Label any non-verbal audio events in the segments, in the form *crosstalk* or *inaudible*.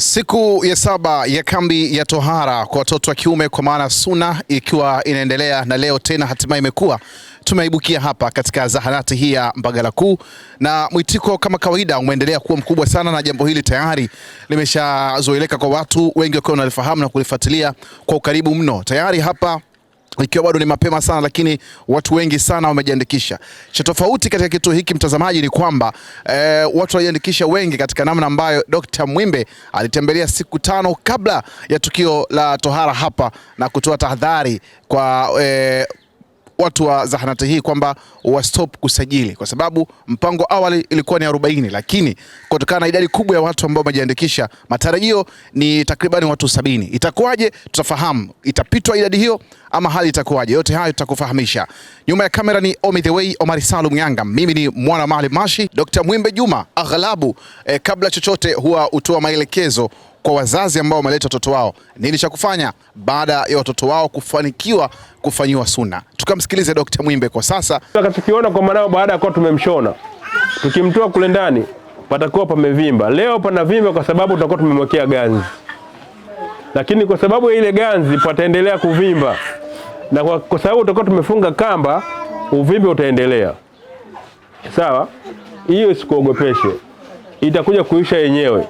Siku ya saba ya kambi ya tohara kwa watoto wa kiume kwa maana suna ikiwa inaendelea na leo tena hatimaye imekuwa tumeibukia hapa katika zahanati hii ya Mbagala Kuu, na mwitiko kama kawaida umeendelea kuwa mkubwa sana, na jambo hili tayari limeshazoeleka kwa watu wengi wakiwa wanalifahamu na kulifuatilia kwa ukaribu mno. Tayari hapa ikiwa bado ni mapema sana, lakini watu wengi sana wamejiandikisha. Cha tofauti katika kituo hiki mtazamaji, ni kwamba e, watu walijiandikisha wengi katika namna ambayo Dr. Mwimbe alitembelea siku tano kabla ya tukio la tohara hapa na kutoa tahadhari kwa e, watu wa zahanati hii kwamba wa stop kusajili, kwa sababu mpango awali ilikuwa ni 40, lakini kutokana na idadi kubwa ya watu ambao wamejiandikisha, matarajio ni takribani watu sabini. Itakuwaje? Tutafahamu itapitwa idadi hiyo ama hali itakuwaje? Yote hayo tutakufahamisha. Nyuma ya kamera ni Omi the way Omar Salum Nyanga, mimi ni mwana Mali Mashi. Dr. Mwimbe Juma aghalabu eh, kabla chochote huwa hutoa maelekezo kwa wazazi ambao wameleta watoto wao nini cha kufanya baada ya watoto wao kufanikiwa kufanyiwa suna. Tukamsikilize Dkt. Mwimbe kwa sasa. Tukiona kwa maanao baada ya kuwa tumemshona, tukimtoa kule ndani patakuwa pamevimba. Leo panavimba kwa sababu tutakuwa tumemwekea ganzi, lakini kwa sababu ya ile ganzi pataendelea kuvimba, na kwa, kwa sababu tutakuwa tumefunga kamba, uvimbe utaendelea. Sawa, hiyo isikuogopeshe, itakuja kuisha yenyewe.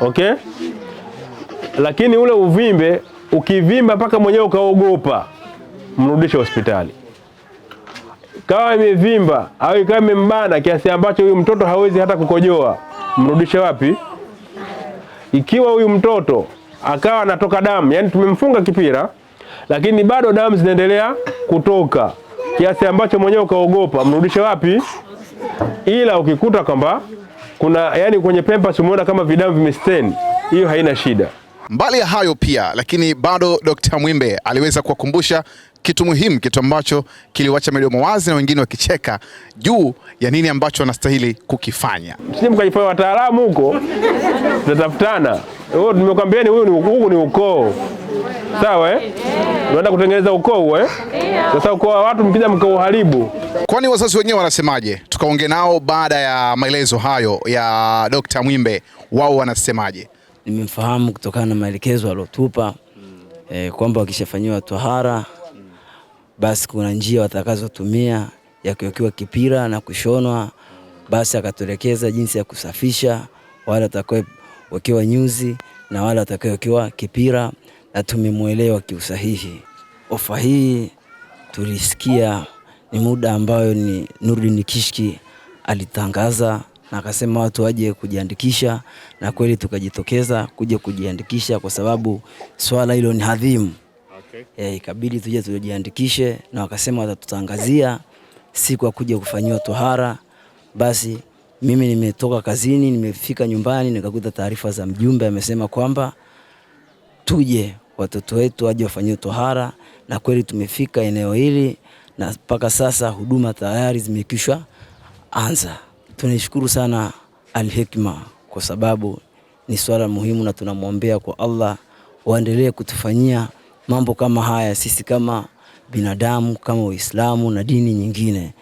Okay. Lakini ule uvimbe ukivimba mpaka mwenyewe ukaogopa, mrudishe hospitali. Kawa imevimba au ikawa imembana kiasi ambacho huyu mtoto hawezi hata kukojoa, mrudishe wapi? Ikiwa huyu mtoto akawa anatoka damu, yani tumemfunga kipira, lakini bado damu zinaendelea kutoka kiasi ambacho mwenyewe ukaogopa, mrudishe wapi? Ila ukikuta kwamba kuna yani kwenye pempas umeona kama vidamu vimesteni, hiyo haina shida. Mbali ya hayo pia lakini bado Dr. Mwimbe aliweza kuwakumbusha kitu muhimu, kitu ambacho kiliwacha midomo wazi na wengine wakicheka juu ya nini ambacho wanastahili kukifanya. Mkajifanya wataalamu huko, tutatafutana. Nimekwambieni huyu ni ukoo, sawa eh? Unaenda kutengeneza ukoo eh? Sasa ukoo wa watu mkija mkauharibu. Kwani wazazi wenyewe wanasemaje? Tukaongea nao baada ya maelezo hayo ya Dr. Mwimbe, wao wanasemaje? nimemfahamu kutokana na maelekezo aliotupa mm. e, eh, kwamba wakishafanyiwa tohara basi kuna njia watakazotumia ya kuwekewa kipira na kushonwa. Basi akatuelekeza jinsi ya kusafisha wale watakaowekewa nyuzi na wale watakaowekewa kipira, na tumemwelewa kiusahihi. Ofa hii tulisikia ni muda ambayo ni Nurdin Kishki alitangaza na akasema watu waje kujiandikisha, na kweli tukajitokeza kuja kujiandikisha kwa sababu swala hilo ni hadhimu. Okay. Eh, ikabidi tuje tujiandikishe na wakasema watatutangazia siku ya kuja kufanyiwa tohara. Basi mimi nimetoka kazini, nimefika nyumbani nikakuta taarifa za mjumbe amesema kwamba tuje watoto wetu waje wafanyiwe tohara, na kweli tumefika eneo hili na mpaka sasa huduma tayari zimekishwa anza. Tunaishukuru sana Al-Hikma kwa sababu ni swala muhimu, na tunamwombea kwa Allah waendelee kutufanyia mambo kama haya sisi kama binadamu kama Uislamu na dini nyingine.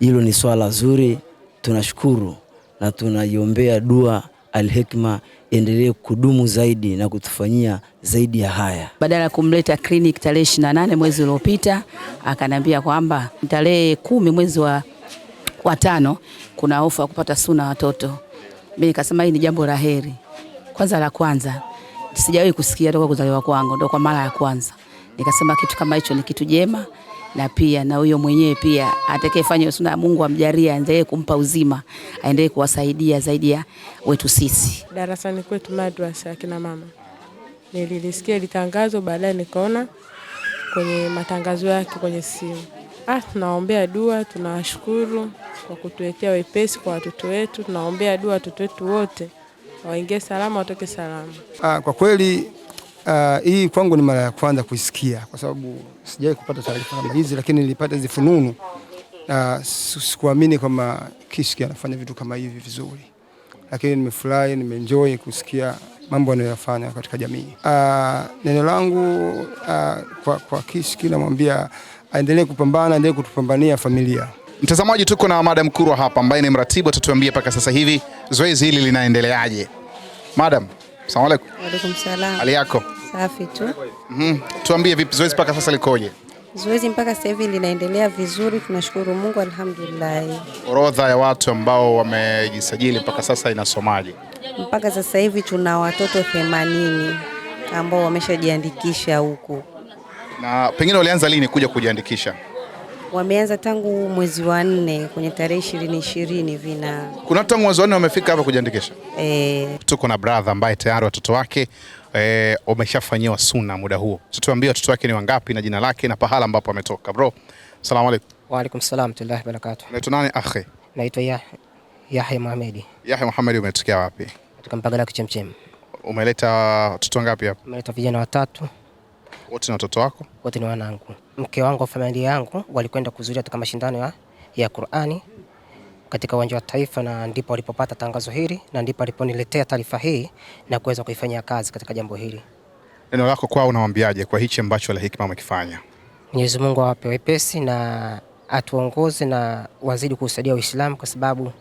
Hilo ni swala zuri, tunashukuru na tunaiombea dua alhikma endelee kudumu zaidi na kutufanyia zaidi ya haya. Badala ya kumleta clinic tarehe 28 mwezi uliopita, akaniambia kwamba tarehe kumi mwezi wa watano kuna ofa ya kupata suna watoto. Mimi nikasema hii ni jambo la heri. Kwanza la kwanza sijawahi kusikia toka kuzaliwa kwangu, ndio kwa mara ya kwanza. Nikasema kitu kama hicho ni kitu jema na pia na huyo mwenyewe pia atakayefanya suna ya Mungu amjalie aendelee kumpa uzima, aendelee kuwasaidia zaidi ya wetu sisi. Darasani kwetu madrasa ya kina mama nililisikia litangazo, baadaye nikaona kwenye matangazo yake kwenye simu Ah, tunaombea dua, tunawashukuru kwa kutuletea wepesi kwa watoto wetu. Tunawaombea dua watoto wetu wote waingie salama, watoke salama. Ah, kwa kweli ah, hii kwangu ni mara ya kwanza kuisikia kwa sababu sijawahi kupata taarifa kama hizi, lakini nilipata hizi fununu na sikuamini kwamba Kishki anafanya vitu kama hivi vizuri, lakini nimefurahi, nimeenjoy kusikia mambo anayoyafanya katika jamii. Ah, neno langu ah, kwa, kwa Kishki namwambia aendelee kupambana, aendelee kutupambania familia. Mtazamaji, tuko na Madam Kurwa hapa ambaye ni mratibu, atatuambia mpaka sasa hivi zoezi hili linaendeleaje. Madam, asalamu alaykum. Wa alaykum salaam. Hali yako? Safi tu. Mhm. Tuambie vipi zoezi mpaka sasa likoje? Zoezi mpaka sasa hivi linaendelea vizuri, tunashukuru Mungu, alhamdulillah. Orodha ya watu ambao wamejisajili mpaka sasa inasomaje? Mpaka sasa hivi tuna watoto 80 ambao wameshajiandikisha huku na pengine walianza lini kuja kujiandikisha? Wameanza tangu mwezi wa nne kwenye tarehe ishirini ishirini vina kuna tangu mwezi wa nne wamefika hapa kujiandikisha e. Tuko na brother ambaye tayari watoto wake eh, wameshafanyiwa e, suna muda huo. Tutuambie watoto wake ni wangapi na jina lake na pahala ambapo ametoka. Bro, Asalamu alaykum. Wa alaykum salaam tullahi barakatuh. Naitwa nani akhi? Naitwa Yahya Yahya Muhamedi. Yahya Muhamedi, umetokea wapi? Kutoka Mpagala Kichemchem. Umeleta watoto wangapi hapa? Umeleta vijana watatu wote ni watoto wako? Wote ni wanangu. Mke wangu wa familia yangu walikwenda kuzuria katika mashindano ya, ya Qur'ani katika uwanja wa Taifa, na ndipo walipopata tangazo hili na ndipo aliponiletea taarifa hii na kuweza kuifanyia kazi katika jambo hili. Neno lako kwao unawaambiaje kwa hichi ambacho la hikima wamekifanya? Mwenyezi Mungu awape wepesi na atuongoze na wazidi kuusaidia Uislamu kwa sababu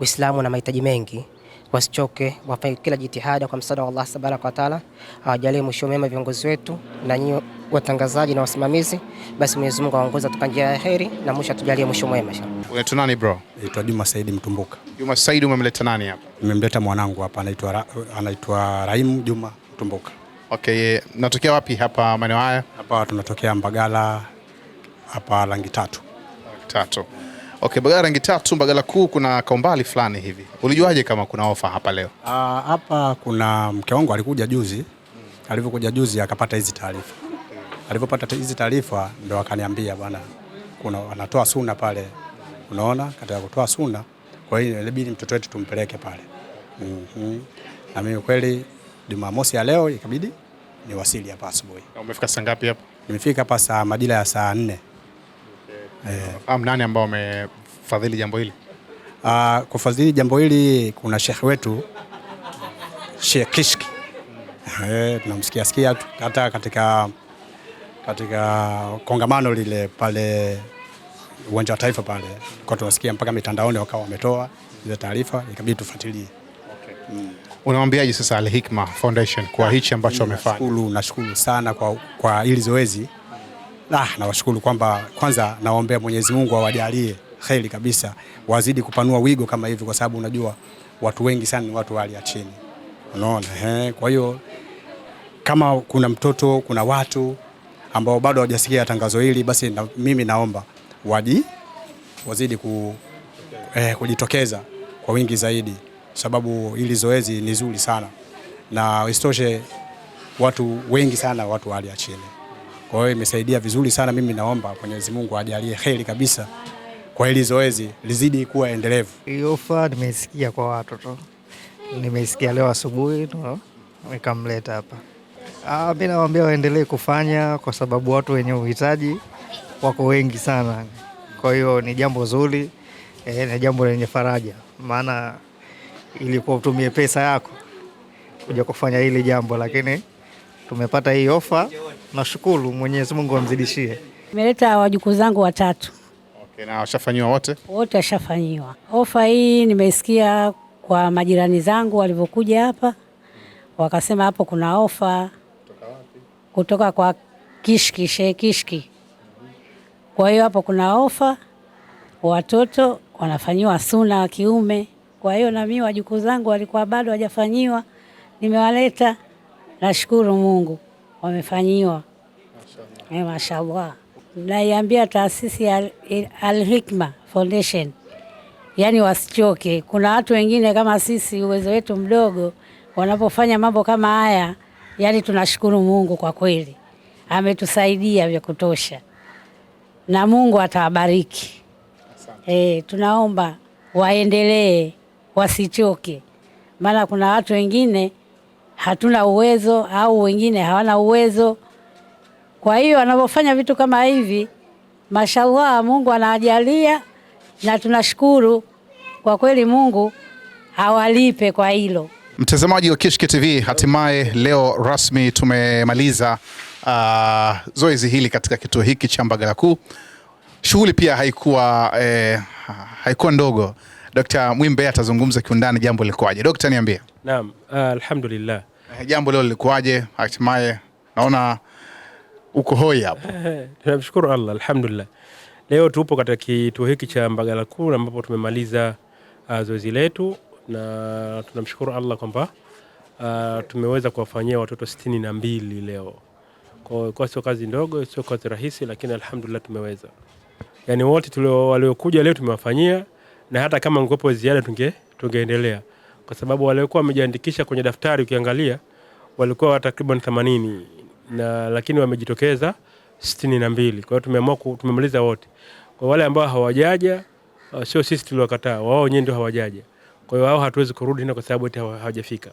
Uislamu una mahitaji mengi wasichoke, wafanye kila jitihada kwa msaada wa Allah subhanahu wa ta'ala, awajalie mwisho mema viongozi wetu na nyinyi watangazaji na wasimamizi. Basi Mwenyezi Mungu aongoze katika njia ya heri na mwisho atujalie mwisho mwema. Unaitwa nani bro? Naitwa Juma Said Mtumbuka. Juma Said, umemleta nani hapa? Nimemleta mwanangu hapa, anaitwa anaitwa Raimu Juma Mtumbuka. Okay, natokea wapi hapa maeneo haya? Hapa tunatokea Mbagala hapa rangi tatu. Rangi tatu. Okay, Bagala rangi tatu, Bagala kuu, kuna kaumbali fulani hivi. Ulijuaje kama kuna ofa hapa leo? Uh, hapa kuna mke wangu alikuja juzi mm. Alivyokuja juzi akapata hizi taarifa mm. Alivyopata hizi taarifa ndo akaniambia bwana, kuna anatoa suna pale, unaona katika kutoa suna, kwa hiyo inabidi mtoto wetu tumpeleke pale mm -hmm. Na mimi kweli Jumamosi ya leo ikabidi niwasili hapa asubuhi. Umefika saa ngapi hapa? Nimefika hapa saa majira ya saa nne. Fahamu nani ambao wamefadhili jambo hili? Uh, kufadhili jambo hili kuna shekhe wetu Sheikh Kishki eh, tunamsikia sikia hata katika, katika kongamano lile pale uwanja wa taifa pale kwa tunasikia mpaka mitandaoni wakawa wametoa ile taarifa ikabidi tufuatilie. Okay. Mm. Unawaambiaje sasa Al Hikma Foundation kwa ah, hichi ambacho wamefanya? Nashukuru sana kwa, kwa hili zoezi Nah, nawashukuru kwamba kwanza nawaombea Mwenyezi Mungu awajalie wa heri kabisa, wazidi kupanua wigo kama hivi, kwa sababu unajua watu wengi sana ni watu wali ya chini, unaona eh. Kwa hiyo kama kuna mtoto, kuna watu ambao bado hawajasikia tangazo hili, basi na, mimi naomba waji wazidi ku, eh, kujitokeza kwa wingi zaidi, sababu hili zoezi ni zuri sana, na isitoshe watu wengi sana watu wali ya chini kwa hiyo imesaidia vizuri sana. Mimi naomba Mwenyezi Mungu ajalie heri kabisa kwa hili zoezi lizidi kuwa endelevu. Ofa nimeisikia kwa watu tu, nimeisikia leo asubuhi nikamleta hapa. Ah, mimi nawaambia waendelee kufanya kwa sababu watu wenye uhitaji wako wengi sana, kwa hiyo ni jambo zuri e, ni jambo lenye faraja, maana ilikuwa utumie pesa yako kuja kufanya hili jambo, lakini tumepata hii ofa. Nashukuru Mwenyezi Mungu amzidishie. Nimeleta wajukuu zangu watatu. Okay, na washafanyiwa wote? Wote washafanyiwa. Ofa hii nimeisikia kwa majirani zangu walivyokuja hapa wakasema hapo kuna ofa kutoka wapi? Kutoka kwa Kishki, Sheikh Kishki. Kwa hiyo hapo kuna ofa, watoto wanafanyiwa suna wa kiume. Kwa hiyo na mimi wajukuu zangu walikuwa bado hawajafanyiwa, nimewaleta. Nashukuru Mungu wamefanyiwa eh, mashallah. Naiambia taasisi ya Al-Hikma Foundation, yani wasichoke. Kuna watu wengine kama sisi, uwezo wetu mdogo, wanapofanya mambo kama haya, yani tunashukuru Mungu kwa kweli, ametusaidia vya kutosha na Mungu atawabariki. E, tunaomba waendelee, wasichoke, maana kuna watu wengine hatuna uwezo au wengine hawana uwezo. Kwa hiyo wanavyofanya vitu kama hivi, mashallah, Mungu anajalia na tunashukuru kwa kweli, Mungu awalipe kwa hilo. Mtazamaji wa Kishki TV, hatimaye leo rasmi tumemaliza uh, zoezi hili katika kituo hiki cha Mbagala Kuu. Shughuli pia haikuwa eh, haikuwa ndogo. Dkt. Mwimbe atazungumza kiundani jambo lilikuwaje. Dkt. niambie. Naam, ah, alhamdulillah Eh, jambo leo lilikuwaje? Hatimaye naona uko hoi hapo. *laughs* Tunamshukuru Allah, alhamdulillah. Leo tupo katika kituo hiki cha Mbagala Kuu ambapo tumemaliza uh, zoezi letu na tunamshukuru Allah kwamba uh, tumeweza kuwafanyia watoto sitini na mbili leo. Kwa sio kazi ndogo, sio kazi rahisi, lakini alhamdulillah tumeweza. Yani wote waliokuja leo tumewafanyia, na hata kama ngwepo ziada tunge tungeendelea, kwa sababu waliokuwa wamejiandikisha kwenye daftari ukiangalia walikuwa takriban themanini na lakini wamejitokeza sitini na mbili. Kwa hiyo tumeamua tumemaliza wote. Kwa wale ambao hawajaja uh, sio sisi tuliwakataa, wao wenyewe ndio hawajaja. Kwa hiyo wao hatuwezi kurudi tena kwa sababu eti hawajafika.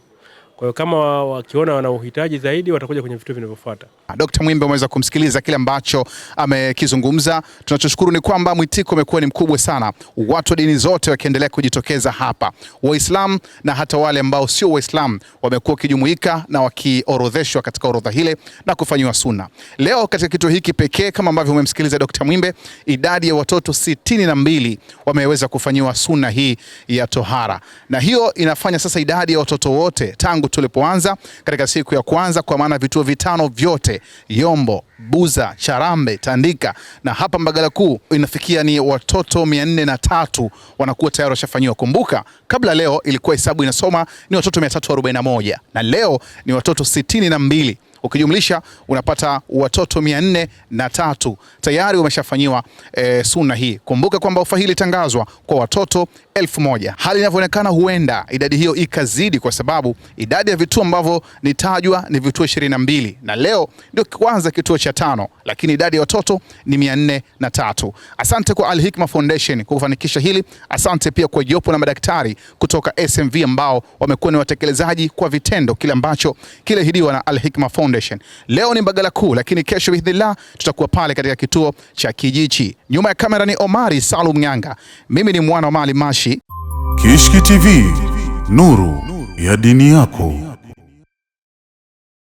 Kwa hiyo kama wakiona wana uhitaji zaidi watakuja kwenye vituo vinavyofuata. Ah, Dkt. Mwimbe umeweza kumsikiliza kile ambacho amekizungumza. Tunachoshukuru ni kwamba mwitiko umekuwa ni mkubwa sana, watu wa dini zote wakiendelea kujitokeza hapa, Waislamu na hata wale ambao sio Waislamu wamekuwa wakijumuika na wakiorodheshwa katika orodha hile na kufanyiwa suna. Leo katika kituo hiki pekee, kama ambavyo umemsikiliza Dkt. Mwimbe, idadi ya watoto sitini na mbili wameweza kufanyiwa suna hii ya tohara, na hiyo inafanya sasa idadi ya watoto wote tangu tulipoanza katika siku ya kwanza, kwa maana vituo vitano vyote Yombo Buza, Charambe, Tandika na hapa Mbagala Kuu inafikia ni watoto mia nne na tatu wanakuwa tayari washafanyiwa. Kumbuka kabla leo ilikuwa hesabu inasoma ni watoto 341 na leo ni watoto sitini na mbili ukijumlisha unapata watoto mia nne na tatu tayari wameshafanyiwa e, eh, suna hii. Kumbuka kwamba ofa hii ilitangazwa kwa watoto elfu moja. Hali inavyoonekana huenda idadi hiyo ikazidi, kwa sababu idadi ya vituo ambavyo nitajwa ni vituo ishirini na mbili na leo ndio kwanza kituo cha tano, lakini idadi ya watoto ni tatu. Asante kwa Al Hikma Foundation kwa kufanikisha hili. Asante pia kwa jopo la madaktari kutoka SMV ambao wamekuwa ni watekelezaji kwa vitendo kile ambacho kilehidiwa na Al Hikma Foundation. Leo ni Mbagala Kuu, lakini kesho biidhnillah tutakuwa pale katika kituo cha Kijichi. Nyuma ya kamera ni Omari Salum Ng'anga, mimi ni mwana wa Mali Mashi. Kishki TV, nuru ya dini yako.